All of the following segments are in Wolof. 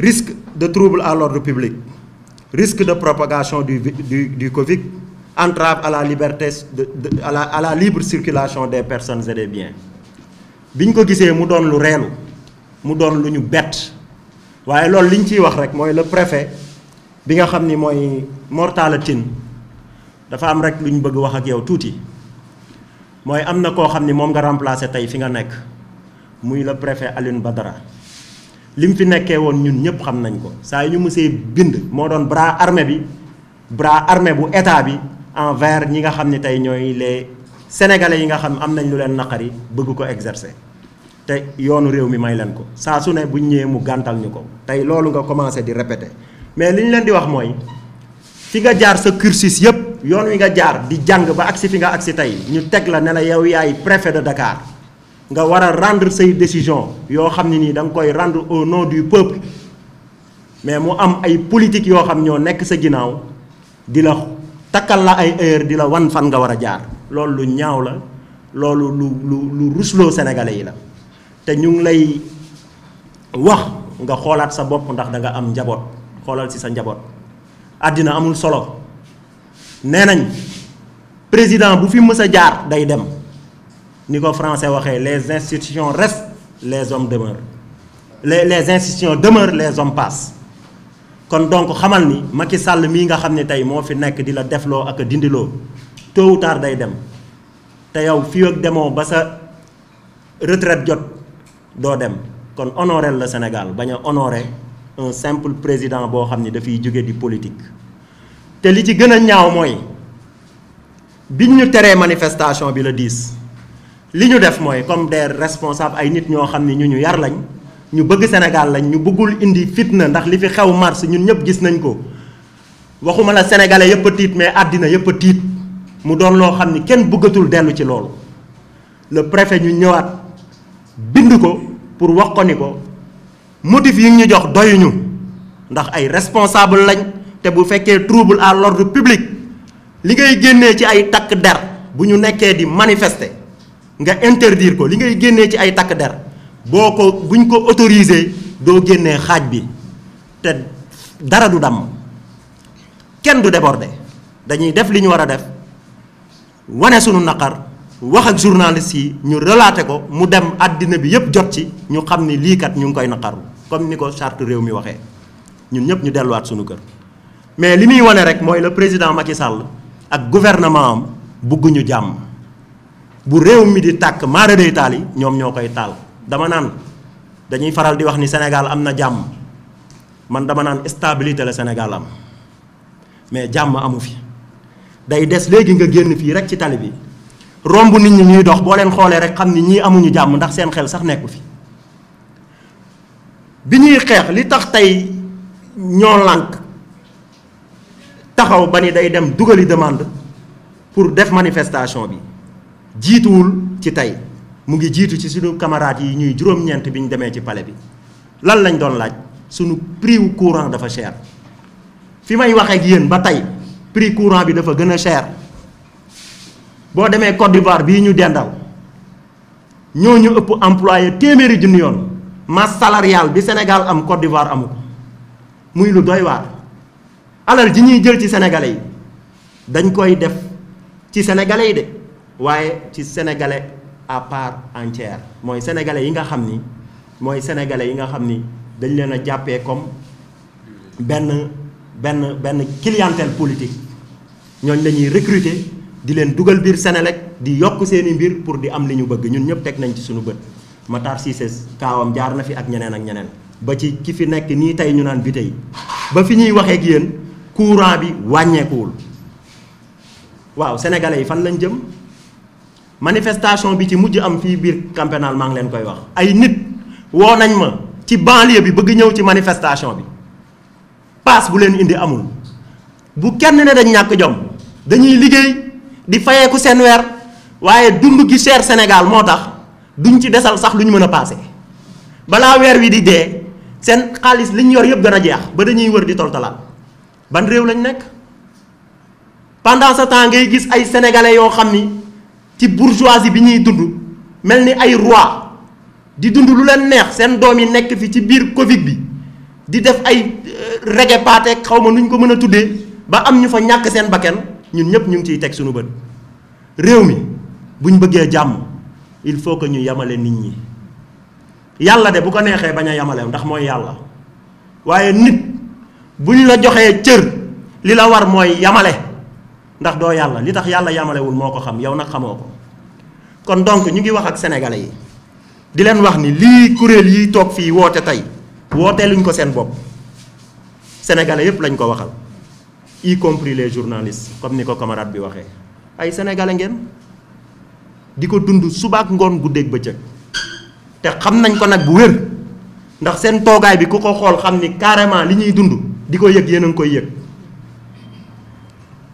risque de trouble à l'ordre public risque de propagation du du du Covid entrave à la liberté de, de à la à la libre circulation des personnes et des biens bi ñu ko gisee mu doon lu reelu mu doon lu ñu bett waaye loolu li ñu ciy wax rek mooy le préfet bi nga xam ni mooy Mortalla Tine dafa am rek lu ñu bëgg wax ak yow tuuti mooy am na koo xam ni moom nga remplacer tey fi nga nekk muy le préfet ba dara li mu fi nekkee woon ñun ñëpp xam nañ ko saa yu ñu mësee bind moo doon bras armé bi bras armé bu état bi envers ñi nga xam ni tey ñooy les sénégalais yi nga xam am nañ lu leen naqari bëgg ko exercer te yoonu réew mi may leen ko saa su ne bu ñëwee mu gàntal ñu ko tey loolu nga commencé di répété mais li ñu leen di wax mooy fi nga jaar sa cursus yëpp yoon wi nga jaar di jàng ba agsi fi nga agsi tey ñu teg la ne la yow yaay préfet de Dakar. nga war a rendre say décision yoo xam ne nii da nga koy rendre au nom du peuple mais mu am ay politique yoo xam ñoo nekk sa ginnaaw di la takkal la ay heure di la wan fan nga war a jaar loolu lu ñaaw la loolu lu lu lu rusloo sénégalais yi la te ñu ngi lay wax nga xoolaat sa bopp ndax danga am njaboot xoolal si sa njaboot àddina amul solo nee nañ président bu fi mës a jaar day dem ni ko français waxee les institutions res les hommes demeurent les les institutions demeurent les hommes passent kon donc xamal ni Macky sàll mii nga xam ne tey moo fi nekk di la defloo ak dindiloo tôt ou tard day dem te yow fii ak demoo ba sa retraite jot doo dem kon honorer la Sénégal bañ a honorer simple président boo xam ni dafiy jóge di politique te li ci gën a ñaaw mooy bi ñu teree manifestation bi la diis li ñu def mooy comme des responsable ay nit ñoo xam ni ñu ñu yar lañ ñu bëgg Sénégal lañ ñu bëggul indi fitna ndax li fi xew mars ñun ñëpp gis nañ ko waxuma la sénégalais yëpp a tiit mais àddina yëpp a tiit mu doon loo xam ni kenn buggatul dellu ci loolu le préfet ñu ñëwaat bind ko pour wax ko ni ko motif yi ñu jox doyuñu ndax ay responsable lañ te bu fekkee trouble à l'ordre public li ngay génnee ci ay takk der bu ñu nekkee di manifester. nga interdire ko li ngay génnee ci ay takk der boo ko buñ ko autorisé doo génnee xaaj bi te dara du damm kenn du débordé dañuy def li ñu war a def wane sunu naqar wax ak journaliste yi ñu ralaate ko mu dem àddina bi yëpp jot ci ñu xam ni lii kat ñu ngi koy naqarlu comme ni ko charte réew mi waxee ñun ñëpp ñu delluwaat sunu kër mais li muy wane rek mooy le président Macky Sall ak gouvernement am bugguñu jàmm. bu réew mi di tàkk maara day taal yi ñoom ñoo koy taal dama naan dañuy faral di wax ni Sénégal am na jàmm man dama naan stabilité la Sénégal am mais jàmm amu fi day des léegi nga génn fii rek ci tali bi romb nit ñi ñuy dox boo leen xoolee rek xam ni ñii amuñu jàmm ndax seen xel sax nekku fi bi ñuy xeex li tax tey ñoo lànk taxaw ba ni day dem dugali demande pour def manifestation bi jiituwul ci tey mu ngi jiitu ci suñu camarades yi ñuy juróom-ñeent bi ñu demee ci pale bi lan lañ doon laaj suñu prix wu courant dafa cher fi may waxee ak yéen ba tey prix courant bi dafa gën a cher boo demee Côte d'Ivoire bii ñu dendal ñoo ñu ëpp employé téeméeri junni yoon masse salariale bi Sénégal am Côte d'Ivoire amu ko muy lu doy waar alal ji ñuy jël ci sénégalais yi dañ koy def ci sénégalais yi de. waaye ci sénégalais à part entière mooy sénégalais yi nga xam ni mooy sénégalais yi nga xam ni dañ leen a jàppee comme benn benn benn clientèle politique ñooñ la ñuy recruter di leen dugal biir Sénélec di yokk seeni mbir pour di am li ñu bëgg ñun ñëpp teg nañ ci suñu bët Matar Cissé kaawam jaar na fi ak ñeneen ak ñeneen ba ci ki fi nekk nii tey ñu naan bi tey ba fi ñuy waxee ak yéen courant bi wàññeekuwul waaw sénégalais yi fan lañ jëm manifestation bi ci mujj am fii biir camp maa ngi leen koy wax ay nit woo nañ ma ci banlieue bi bëgg ñëw ci manifestation bi paas bu leen indi amul bu kenn ne dañ ñàkk jom dañuy liggéey di fayeeku seen weer waaye dund gi cher Sénégal moo tax duñ ci desal sax lu ñu mën a paase balaa weer wi di dee seen xaalis liñ yor yëpp a jeex ba dañuy wër di toltalaat ban réew lañ nekk pendant ce temps ngay gis ay sénégalais yoo xam ni. ci bourgeoisie bi ñuy dund mel ni ay roi di dund lu leen neex seen doom yi nekk fii ci biir Covid bi di def ay euh, rege paateeg xaw ma nu ñu ko mën a tuddee ba am ñu fa ñàkk seen bakken ñun ñëpp ñu ngi ciy teg suñu bët réew mi bu ñu bëggee jàmm il faut que ñu yamale nit ñi yàlla de bu ko neexee bañ a yamale ndax mooy yàlla waaye nit bu ñu la joxee cër li la war mooy yamale. ndax doo yàlla li tax yàlla yamalewul moo ko xam yow nag xamoo ko kon donc ñu ngi wax ak sénégalais yi di leen wax ni lii kuréel yi toog fii woote tey wooteeluñ ko seen bopp sénégalais yépp lañ ko waxal y compris les journalistes comme ni ko camarade bi waxee ay sénégalais ngeen di ko dund subaak ngoon guddeeg bëccëg te xam nañ ko nag bu wér ndax seen toogaay bi ku ko xool xam ni carrément li ñuy dund di ko yëg yéen a ngi koy yëg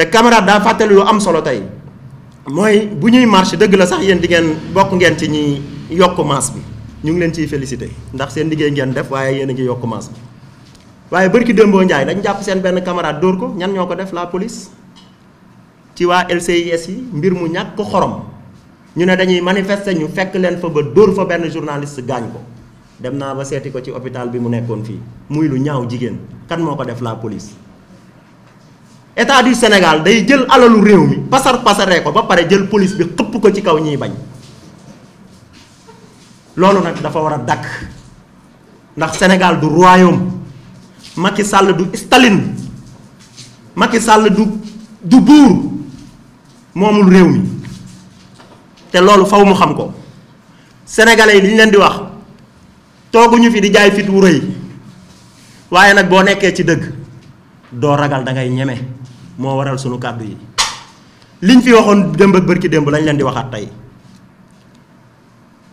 te camarade daa fàttali lu am solo tey mooy bu ñuy marche dëgg la sax yéen di ngeen bokk ngeen ci ñi yokk masse bi ñu ngi leen ciy félicité ndax seen liggéey ngeen def waaye yéen a ngi yokk masse bi waaye bërki démboo Njaay dañ jàpp seen benn camarade dóor ko ñan ñoo ko def la police ci waa LCIS yi mbir mu ñàkk xorom ñu ne dañuy manifester ñu fekk leen fa ba dóor fa benn journaliste gaañ ko dem naa ba seeti ko ci hôpital bi mu nekkoon fii muy lu ñaaw jigéen kan moo ko def la police état du senegal day jël alalu réew mi pasar pasaree ko ba pare jël polis bi xëpp ko ci kaw ñiy bañ loolu nag dafa war a dakk ndax senegal du royaume Macky sàll du Staline Macky Sall du du buur moomul réew mi te loolu faw mu xam ko sénégalais yi li ñu leen di wax tooguñu fi di jaay fit wu rëy waaye nag boo nekkee ci dëgg. doo ragal da ngay ñeme moo waral sunu kàddu yi li ñu fi waxoon démb ak bërki démb lañ leen di waxaat tey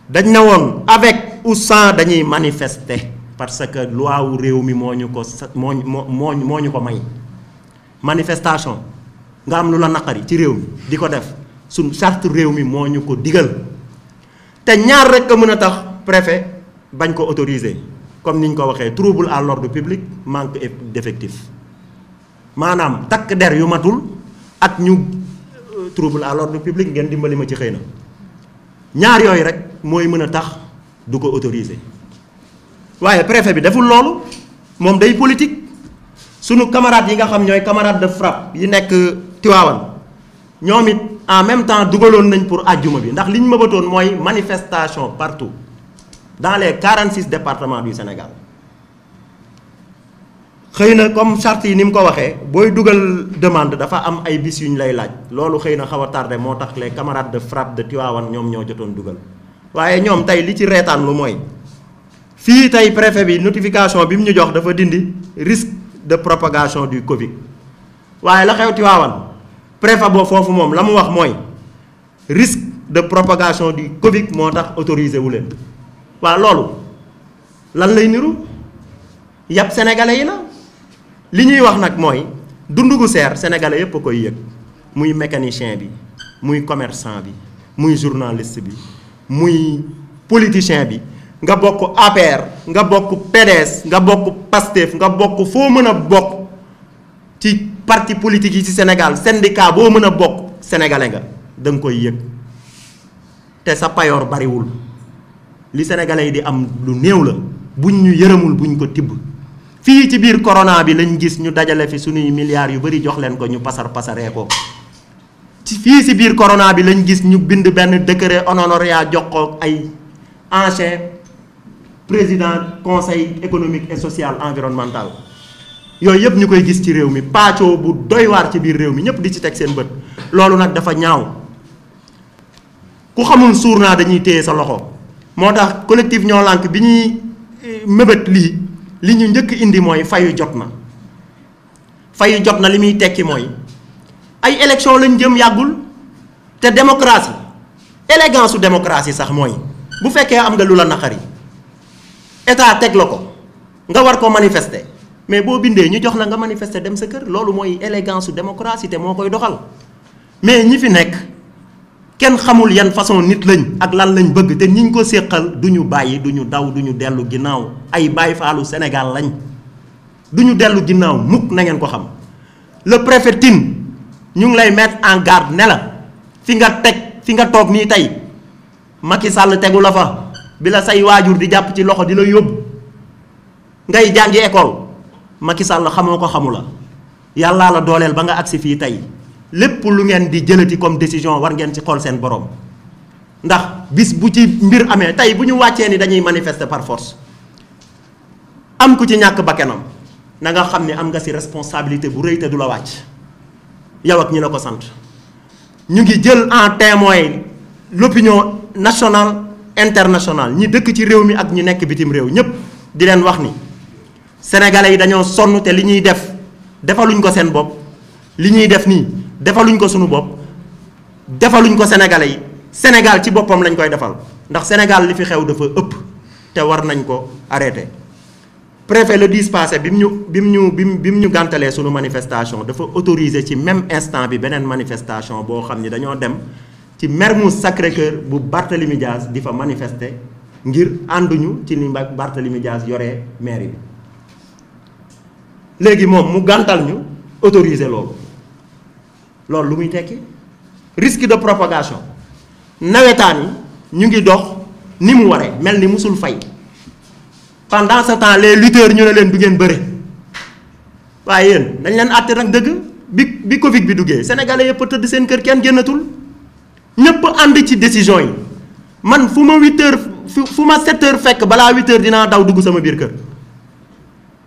dañ na woon avec ou sans dañuy manifester parce que loi réew mi moo ñu ko moo moo moo ñu ko may manifestation nga am lu la naqari ci réew mi di ko def suñ charte réew mi moo ñu ko digal te ñaar rek a mën a tax préfet bañ ko autoriser comme ni ñu ko waxee trouble à l'ordre public manque d'effectif maanaam takk der yu matul ak ñu euh, trouble à l'ordre public ngeen dimbali ma ci xëy na ñaar yooyu rek mooy mën a tax du ko autoriser waaye préfet bi deful loolu moom day politique sunu camarades yi nga xam ñooy camarade de frappe yi nekk Tiwaawan ñoom it en même temps dugaloon nañ pour àjjuma bi ndax li ñu mëbatoon mooy manifestation partout dans les 46 départements du Sénégal xëy na comme charte yi ni mu ko waxee booy dugal demande dafa am ay bis yu ñu lay laaj loolu xëy na xaw a tardé moo tax les camarades de frappe de Tivaouane ñoom ñoo jotoon dugal waaye ñoom tey li ci reetaan lu mooy fii tey préfet bi notification bi mu ñu jox dafa dindi risque de propagation du Covid waaye la xew Tivaouane préfet boo foofu moom la mu wax mooy risque de propagation du Covid moo tax autoriser wu leen waa loolu lan lay niru yàpp sénégalais yi li ñuy wax nag mooy dund gu seer sénégalais yëpp a koy yëg muy mécanicien bi muy commerçant bi muy journaliste bi muy politicien bi nga bokk APR nga bokk PDS nga bokk PASTEF nga bokk foo mën a bokk ci parti politique yi ci Sénégal syndicat boo mën a bokk sénégalais nga da nga koy yëg te sa payoor bariwul li sénégalais yi di am lu néew la buñ ñu yërëmul buñ ko tibb. fii ci biir corona bi lañ gis ñu dajale fi suñuy milliards yu bari jox leen ko ñu pasar pasaree ko ci fii ci biir corona bi lañu gis ñu bind benn décret honoraria jox ko ay ancien président conseil économique et social environnemental yooyu yëpp ñu koy gis ci réew mi paccoo bu doy waar ci biir réew mi ñëpp di ci teg seen bët loolu nag dafa ñaaw ku xamul suur naa dañuy téye sa loxo moo tax collectif ñoo lànk bi ñuy eh, mébét lii. li ñu njëkk indi mooy fayu jot na fayu jot na li muy tekki mooy ay élection lañu jëm yàggul te démocratie élégance su démocratie sax mooy bu fekkee am nga lu la naqari état teg la ko nga war ko manifester mais boo bindee ñu jox la nga manifester dem sa kër loolu mooy élégance su démocratie te moo koy doxal mais ñi fi nekk. kenn xamul yan façon nit lañ ak lan lañ bëgg te ñiñ ko séqal du ñu bàyyi duñu daw duñu dellu ginnaaw ay bàyyi faalu Sénégal lañ duñu dellu ginnaaw mukk nangeen ko xam le préfet ñu ngi lay mettre en garde ne la fi nga teg fi nga toog nii tey Macky sàll tegu la fa bi la say waajur di jàpp ci loxo di la yóbbu ngay jàngi école Macky sàll xamoo ko xamu la yàllaa la dooleel ba nga agsi fii tey lépp lu ngeen di jëlati comme décision war ngeen ci xool seen borom ndax bis bu ci mbir amee tey bu ñu wàccee ni dañuy manifester par am ku ci ñàkk bakkanam na nga xam ni am nga ci responsabilité bu rëy te du la wàcc yow ak ñi la ko sant ñu ngi jël en témoin l'opinion national international ñi dëkk ci réew mi ak ñu nekk bitim réew ñépp di leen wax ni sénégalais yi dañoo sonn te li ñuy def defaluñ ko seen bopp li ñuy def nii defaluñ ko suñu bopp defaluñ ko sénégalais yi Sénégal ci boppam lañ koy defal ndax Sénégal li fi xew dafa ëpp te war nañ ko arrêté. préfet le 10 bi mu ñu bi mu ñu bi mu ñu gàntalee sunu manifestation dafa autorisé ci même instant bi beneen manifestation boo xam ni dañoo dem ci Mermoz Sacré-Cœur bu Barthélemy Diaz di fa manifester ngir ànduñu ci ni Barthélemy Diaz yoree mairie bi léegi moom mu gantal ñu autorisé loolu. loolu lu muy tekki risque de propagation nawetaan yi ñu ngi dox ni mu waree mel ni mosul fay pendant ce temps les lutteurs ñu ne leen du ngeen bëre waaye yéen dañ leen àtte nag dëgg bi bi Covid bi duggee sénégalais yëpp a tëdd seen kër kenn génnatul ñëpp ànd ci décision yi man fu ma huit heures fu ma sept fekk balaa huit dinaa daw dugg sama biir kër.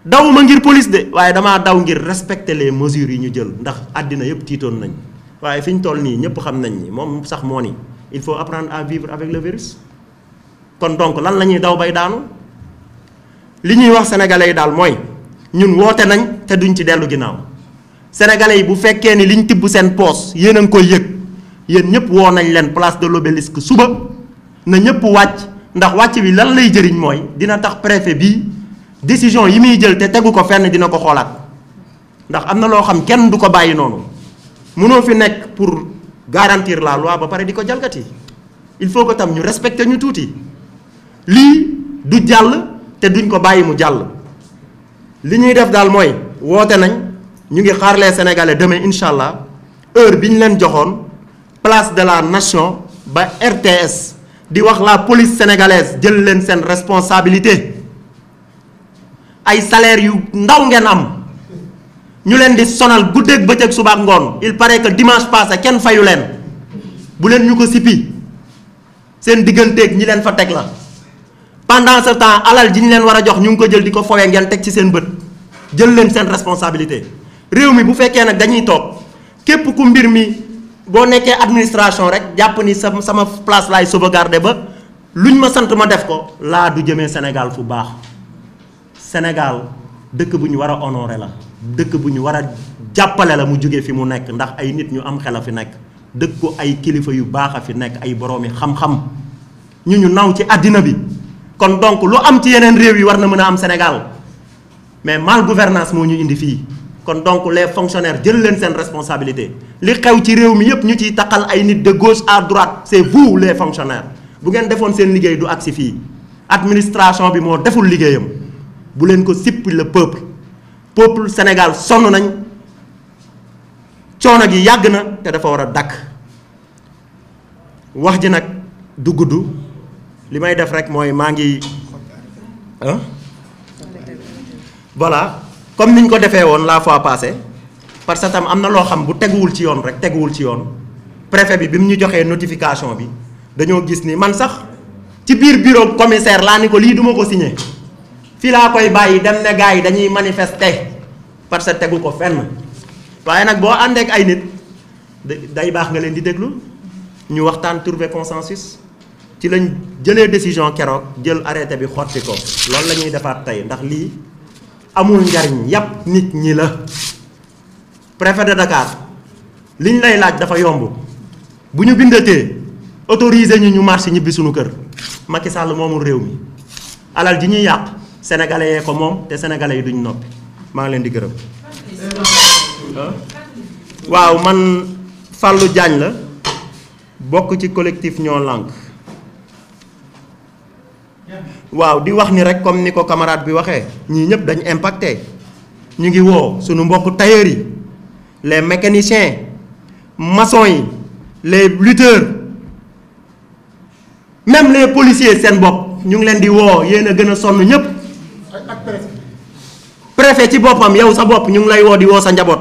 daw ma ngir police de waaye damaa daw ngir respecter les mesures yi ñu jël ndax àddina yëpp tiitoon nañ waaye fi ñu toll nii ñëpp xam nañ ni moom sax moo ni il faut apprendre à vivre avec le virus kon donc lan la ñuy daw bay daanu li ñuy wax sénégalais yi daal mooy ñun woote nañ te duñ ci dellu ginnaaw sénégalais yi bu fekkee ni liñ tibb seen poos yéen a koy yëg yéen ñëpp woo nañ leen place de l'obélisque suba na ñëpp wàcc ndax wàcc bi lan lay jëriñ mooy dina tax préfet bii. décision yi muy jël te tegu ko fenn dina ko xoolaat ndax am na loo xam kenn du ko bàyyi noonu mënoo fi nekk pour garantir la loi ba pare di ko jalgati il faut que tam ñu respecter ñu tuuti lii du jàll te duñ ko bàyyi mu jàll li ñuy def daal mooy woote nañ ñu ngi xaar les sénégalais demain incha allah heure bi ñu leen joxoon place de la nation ba RTS di wax laa police sénégalaise jël leen seen responsabilité. ay salaire yu ndaw ngeen am ñu leen di sonal guddeeg bëccëg suba ak ngoon il paraît que dimanche passé kenn fayu leen bu leen ñu ko sippi seen digganteeg ñi leen fa teg la pendant ce temps alal ji ñu leen war a jox ñu ngi ko jël di ko fowee ngeen teg ci seen bët jël leen seen responsabilité réew mi bu fekkee nag dañuy toog képp ku mbir mi boo nekkee administration rek jàpp ni sama sama place laay sauvegarder ba lu luñ ma sant ma def ko laa du jëmee Sénégal fu baax Sénégal dëkk bu ñu war a honorer la dëkk bu ñu war a jàppale la mu jóge fi mu nekk ndax ay nit ñu am xel a fi nekk dëkk ko ay kilifa yu baax a fi nekk ay boroomi xam-xam ñu ñu naw ci àddina bi kon donc lu am ci yeneen réew yi war na mën a am Sénégal mais mal gouvernance moo ñu indi fii kon donc les fonctionnaires jël leen seen responsabilité li xew ci réew mi yépp ñu ciy takkal ay nit de gauche à droite c'est vous les fonctionnaires bu ngeen defoon seen liggéey du agsi fii administration bi moo deful liggéeyam bu leen ko sippi le peuple peuple Sénégal sonn nañ coono gi yàgg na te dafa war a dàkk wax ji nag du gudd li may def rek mooy maa ngi ah voilà comme niñ ko defee woon laa fois passée parce que tam am na loo xam bu teguwul ci yoon rek teguwul ci yoon préfet bi bi mu ñu joxee notification bi dañoo gis ni man sax ci biir bureau commissaire laa ni ko lii duma ko signé fii laa koy bàyyi dem ne gars yi dañuy manifester parce que tegu ko fenn waaye nag boo àndeek ay nit day baax nga leen di déglu ñu waxtaan trouver consensus ci lañ jëlee décision keroog jël arrêté bi xotti ko loolu la ñuy defaat tey ndax lii amul njariñ yàpp nit ñi la préfet de Dakar liñ lay laaj dafa yomb bu ñu bindatee autorisé ñu ñu marché ñibbi suñu kër Macky Sall moomul réew mi alal ji ñuy yàq sénégalais yee ko moom te sénégalais yi duñu noppi maa ngi leen di gërëm. waaw man Fallou Diagne la bokk ci collectif ñoo lànk waaw di wax ni rek comme ni ko camarade bi waxee ñii ñëpp dañu impacté ñu ngi woo suñu mbokk tailleurs yi les mécaniciens maçons yi les lutteurs même les policiers seen bopp ñu ngi leen di woo yéen a gën a sonn ñëpp. préfet ci boppam yow sa bopp ñu ngi lay woo di woo sa njaboot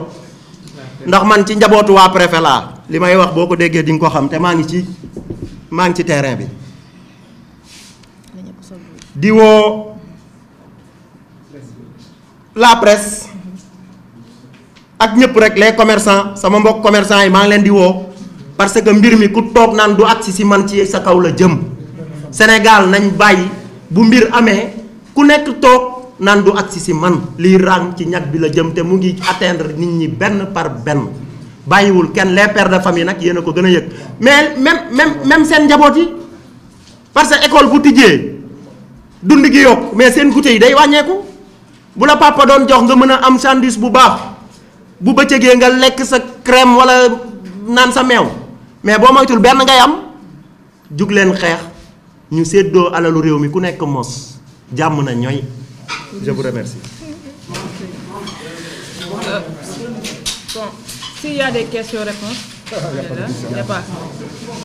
ndax man ci njabootu waa préfet laa li may wax boo ko déggee di nga ko xam te maa ngi ci maa ngi ci terrain bi di woo la ak ñëpp rek les commerçants sama mbokk commerçants yi maa ngi leen di woo parce que mbir mi ku toog naan du agsi si man ci sa kaw la jëm Sénégal nañ bàyyi bu mbir amee ku nekk toog naan du agsi si man liy ràng ci ñag bi la jëm te mu ngi atteindre nit ñi benn par benn bàyyiwul kenn les de famille nag yéen a ko gën a yëg mais même même même seen njaboot yi parce que école bu tijjee dund gi yokk mais seen goûter yi day wàññeeku bu la papa doon jox nga mën a am sandwich bu baax bu bëccëgee nga lekk sa crème wala naan sa meew mais boo moytul benn ngay am jug leen xeex ñu séddoo alalu réew mi ku nekk mos jàmm na ñooy. Je vous bon, s'il y a des questions-réponses, ah, il